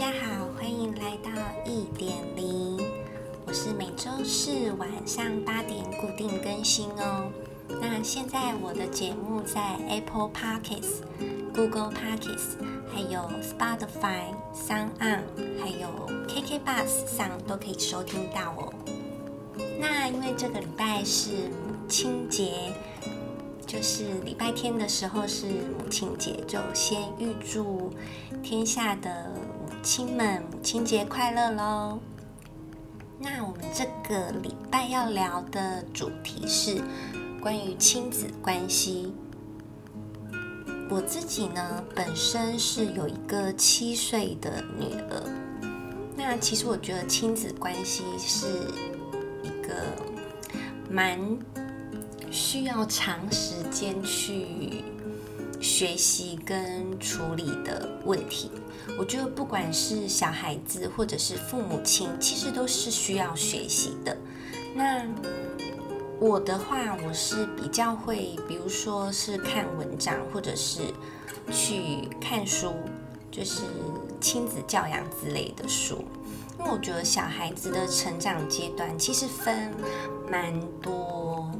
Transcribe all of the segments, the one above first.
大家好，歡迎來到一點零。我是每周四晚上八點固定更新哦。那現在我的節目在 Apple Podcasts、Google Podcasts、還有 Spotify、SoundOn 還有 KKBOX 上都可以收聽到哦。那因為這個禮拜是母親節，就是禮拜天的時候是母親節，就先預祝天下的。親們，母親節快樂嘍！那我們這個禮拜要聊的主題是關於親子關係。我自己呢，本身是有一個七歲的女兒。那其實我覺得親子關係是一個蠻需要長時間去。學習跟處理的問題，我覺得不管是小孩子或者是父母親，其實都是需要學習的。那我的話，我是比較會，比如說是看文章，或者是去看書，就是親子教養之類的書。因為我覺得小孩子的成長階段其實分蠻多。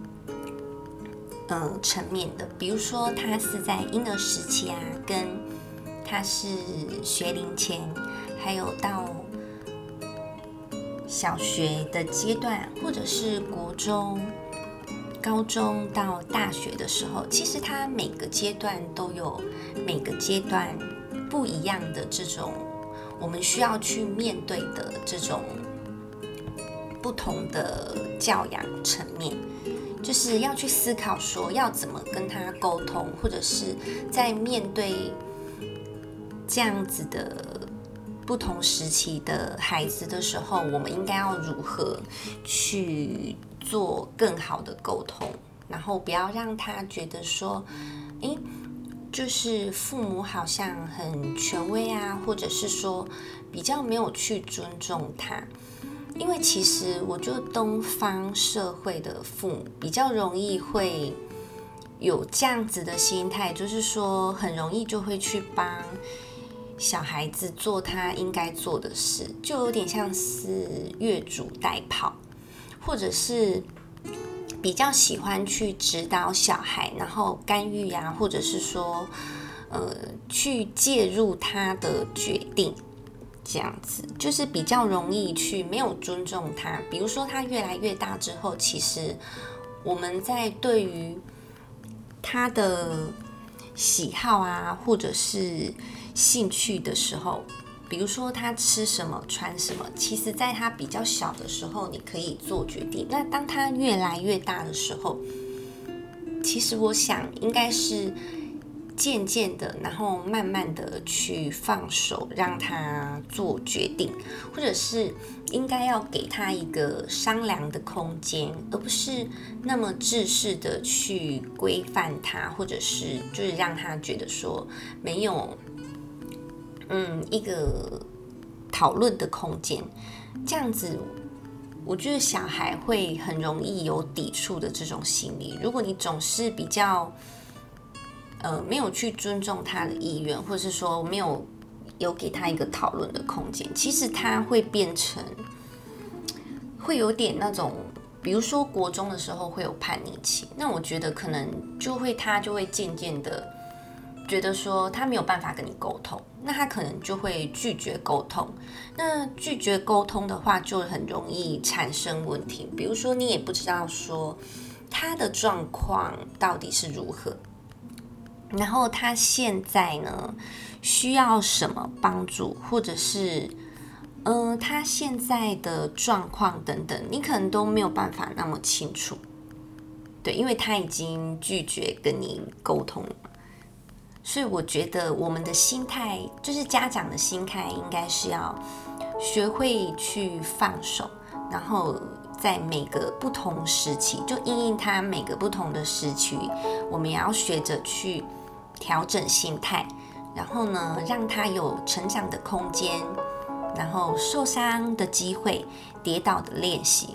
嗯、呃，層面的，比如說他是在嬰兒時期啊，跟他是學齡前，還有到小學的階段，或者是國中、高中到大學的時候，其實他每個階段都有每個階段不一樣的這種我們需要去面對的這種不同的教養層面。就是要去思考，說要怎麼跟他溝通，或者是在面對這樣子的不同時期的孩子的時候，我們應該要如何去做更好的溝通，然後不要讓他覺得說，誒，就是父母好像很權威啊，或者是說比較沒有去尊重他。因為其實，我覺得東方社會的父母比較容易會有這樣子的心態，就是說很容易就會去幫小孩子做他應該做的事，就有點像是越俎代庖，或者是比較喜歡去指導小孩，然後干預啊，或者是說呃去介入他的決定。這樣子就是比較容易去沒有尊重他。比如說他越來越大之後，其實我們在對於他的喜好啊，或者是興趣的時候，比如說他吃什麼、穿什麼，其實在他比較小的時候，你可以做決定。那當他越來越大的時候，其實我想應該是。漸漸的，然後慢慢的去放手，讓他做決定，或者是應該要給他一個商量的空間，而不是那麼制式的去規範他，或者是就是讓他覺得說沒有，嗯，一個討論的空間，這樣子，我覺得小孩會很容易有抵觸的這種心理。如果你總是比較。呃，沒有去尊重他的意願，或者是說沒有有給他一個討論的空間，其實他會變成會有點那種，比如說國中的時候會有叛逆期，那我覺得可能就會他就會漸漸的覺得說他沒有辦法跟你溝通，那他可能就會拒絕溝通，那拒絕溝通的話就很容易產生問題，比如說你也不知道說他的狀況到底是如何。然後他現在呢，需要什麼幫助，或者是，嗯、呃，他現在的狀況等等，你可能都沒有辦法那麼清楚，對，因為他已經拒絕跟你溝通了，所以我覺得我們的心態，就是家長的心態，應該是要學會去放手，然後在每個不同時期，就因應他每個不同的時期，我們也要學着去。調整心態，然後呢，讓他有成長的空間，然後受傷的機會，跌倒的練習，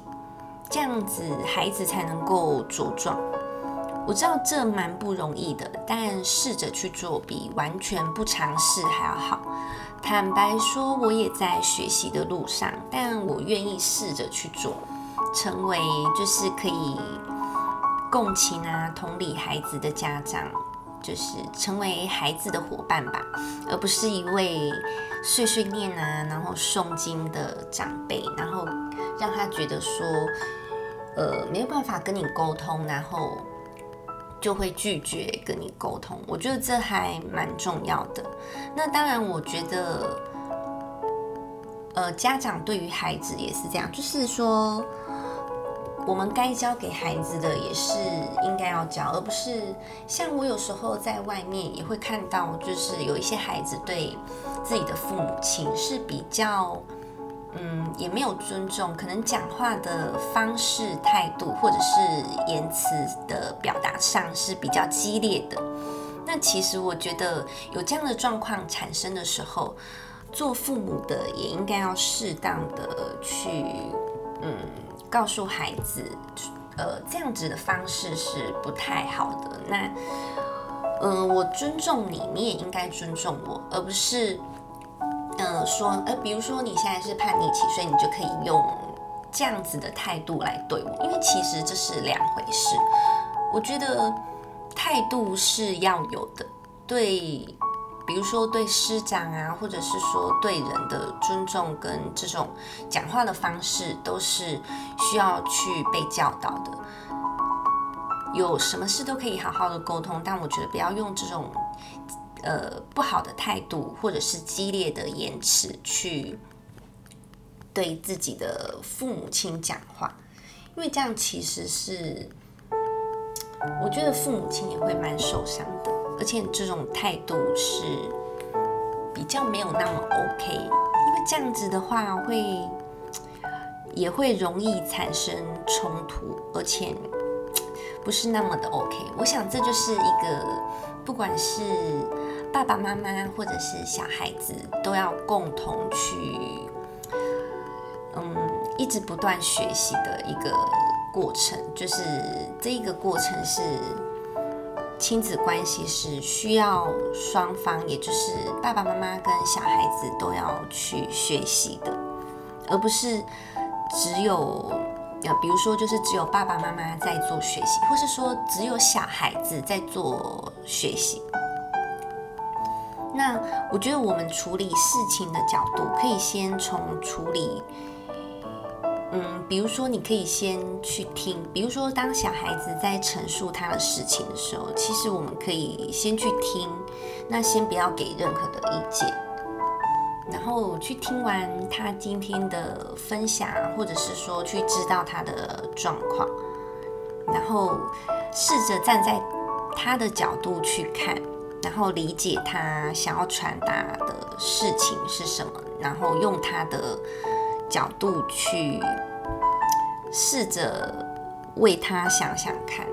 這樣子孩子才能夠茁壯。我知道這蠻不容易的，但試着去做比完全不嘗試還要好。坦白說，我也在學習的路上，但我願意試着去做，成為就是可以共情啊、同理孩子的家長。就是成為孩子的夥伴吧，而不是一位碎碎念啊，然後誦經的長輩，然後讓他覺得說，呃，沒有辦法跟你溝通，然後就會拒絕跟你溝通。我覺得這還蠻重要的。那當然，我覺得，呃，家長對於孩子也是這樣，就是說。我們該教給孩子的也是應該要教，而不是像我有時候在外面也會看到，就是有一些孩子對自己的父母親是比較，嗯，也沒有尊重，可能講話的方式、態度或者是言辭的表達上是比較激烈的。那其實我覺得有這樣的狀況產生的時候，做父母的也應該要適當的去，嗯。告訴孩子，呃，這樣子的方式是不太好的。那，嗯、呃，我尊重你，你也應該尊重我，而不是，嗯、呃，說，呃，比如說你現在是叛逆期，所以你就可以用這樣子的態度來對我，因為其實這是兩回事。我覺得態度是要有的，對。比如說對師長啊，或者是說對人的尊重跟這種講話的方式，都是需要去被教導的。有什麼事都可以好好的溝通，但我覺得不要用這種呃不好的態度或者是激烈的言辭去對自己的父母親講話，因為這樣其實是我覺得父母親也會蠻受傷的。而且這種態度是比較沒有那麼 OK，因為這樣子的話會也會容易產生衝突，而且不是那麼的 OK。我想這就是一個，不管是爸爸媽媽或者是小孩子，都要共同去，嗯，一直不斷學習的一個過程。就是這個過程是。親子關係是需要雙方，也就是爸爸媽媽跟小孩子都要去學習的，而不是只有，呃，比如說就是只有爸爸媽媽在做學習，或是說只有小孩子在做學習。那我覺得我們處理事情的角度，可以先從處理。比如說，你可以先去聽。比如說，當小孩子在陳述他的事情的時候，其實我們可以先去聽，那先不要給任何的意見，然後去聽完他今天的分享，或者是說去知道他的狀況，然後試着站在他的角度去看，然後理解他想要傳達的事情是什麼，然後用他的角度去。試着為他想想看，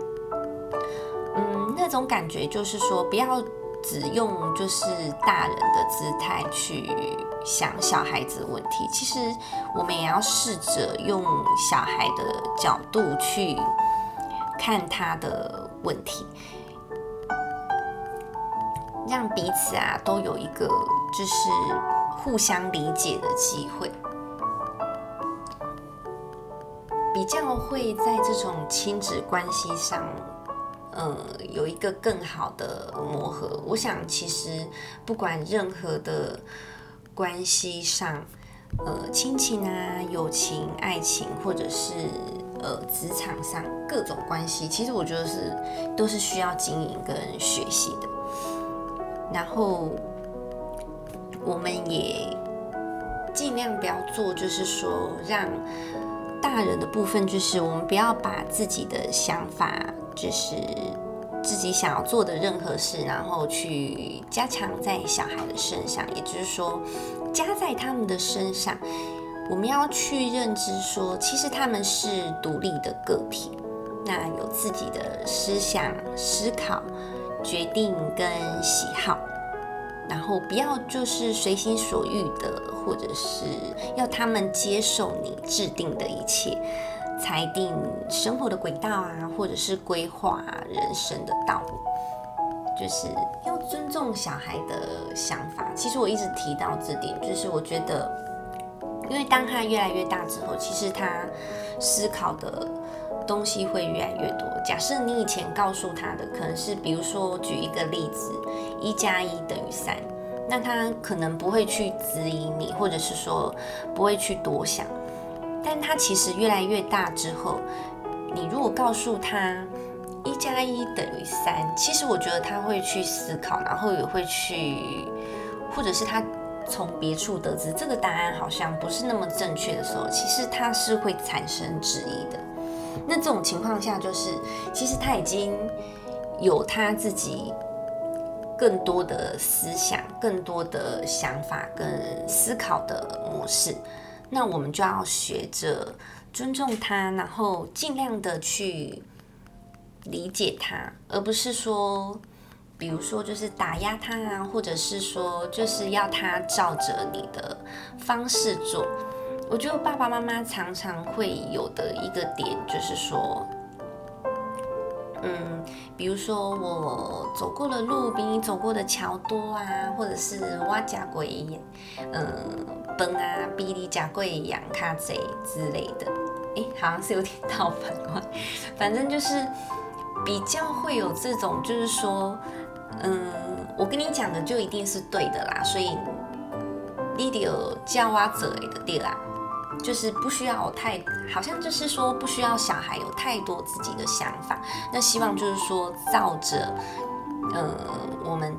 嗯，那種感覺就是說，不要只用就是大人的姿態去想小孩子的問題。其實我們也要試着用小孩的角度去看他的問題，讓彼此啊都有一個就是互相理解的機會。比較會在這種親子關係上，呃，有一個更好的磨合。我想，其實不管任何的關係上，呃，親情啊、友情、愛情，或者是呃，職場上各種關係，其實我覺得是都是需要經營跟學習的。然後，我們也盡量不要做，就是說讓。大人的部分就是，我們不要把自己的想法，就是自己想要做的任何事，然後去加強在小孩的身上，也就是說，加在他們的身上。我們要去認知說，其實他們是獨立的個體，那有自己的思想、思考、決定跟喜好。然後不要就是隨心所欲的，或者是要他們接受你制定的一切裁定生活的軌道啊，或者是規劃、啊、人生的道路，就是要尊重小孩的想法。其實我一直提到這點，就是我覺得，因為當他越來越大之後，其實他思考的。東西會越來越多。假設你以前告訴他的可能是，比如說舉一個例子，一加一等於三，3，那他可能不會去質疑你，或者是說不會去多想。但他其實越來越大之後，你如果告訴他一加一等於三，3，其實我覺得他會去思考，然後也會去，或者是他從別處得知這個答案好像不是那麼正確的時候，其實他是會產生質疑的。那這種情況下，就是其實他已經有他自己更多的思想、更多的想法跟思考的模式。那我們就要學着尊重他，然後盡量的去理解他，而不是說，比如說就是打壓他啊，或者是說就是要他照着你的方式做。我覺得我爸爸媽媽常常會有的一個點就是說，嗯，比如說我走過的路比你走過的橋多啊，或者是挖甲鬼，嗯，崩啊，比你甲鬼養卡賊之類的，哎，好像是有點套反，反正就是比較會有這種，就是說，嗯，我跟你講的就一定是對的啦，所以你弟有教我之類的對啦。就是不需要太，好像就是說不需要小孩有太多自己的想法。那希望就是說照着，呃，我們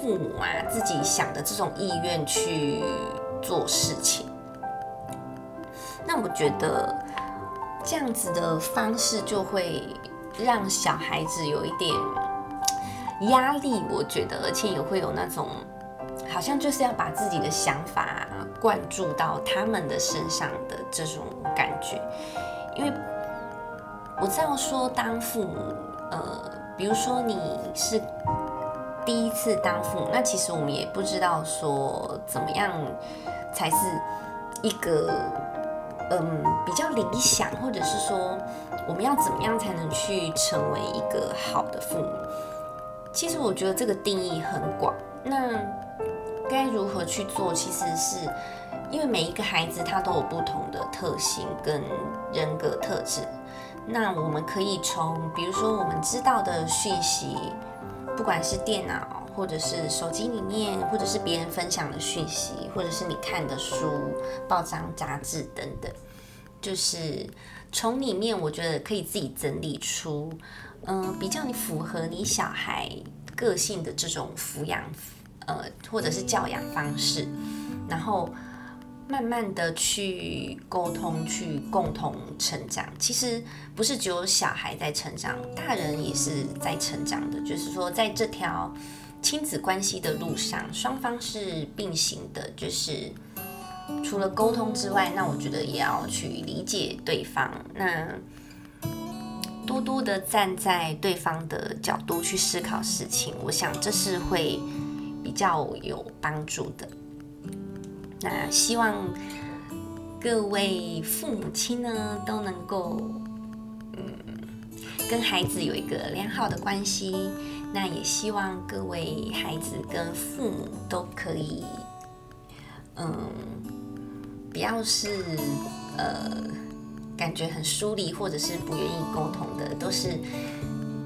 父母啊自己想的這種意願去做事情。那我覺得這樣子的方式就會讓小孩子有一點壓力，我覺得，而且也會有那種。好像就是要把自己的想法灌注到他們的身上的這種感覺，因為我知道說當父母，呃，比如說你是第一次當父母，那其實我們也不知道說怎麼樣才是一個嗯、呃、比較理想，或者是說我們要怎麼樣才能去成為一個好的父母？其實我覺得這個定義很廣，那。該如何去做？其實是因為每一個孩子他都有不同的特性跟人格特質，那我們可以從比如說我們知道的訊息，不管是電腦或者是手機裡面，或者是別人分享的訊息，或者是你看的書、報章、雜誌等等，就是從裡面我覺得可以自己整理出，嗯、呃，比較你符合你小孩個性的這種撫養。呃，或者是教養方式，然後慢慢的去溝通，去共同成長。其實不是只有小孩在成長，大人也是在成長的。就是說，在這條親子關係的路上，雙方是並行的。就是除了溝通之外，那我覺得也要去理解對方，那多多的站在對方的角度去思考事情。我想這是會。比較有幫助的，那希望各位父母親呢都能夠，嗯，跟孩子有一個良好的關係。那也希望各位孩子跟父母都可以，嗯，不要是呃，感覺很疏離或者是不願意溝通的，都是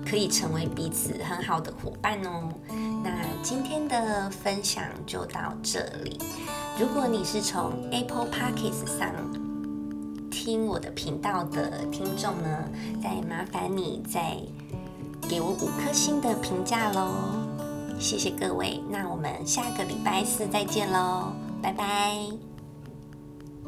可以成為彼此很好的夥伴哦。那今天的分享就到這裡。如果你是從 Apple Podcast 上聽我的頻道的聽眾呢，再麻煩你再給我五顆星的評價嘍。謝謝各位，那我們下個禮拜四再見嘍，拜拜。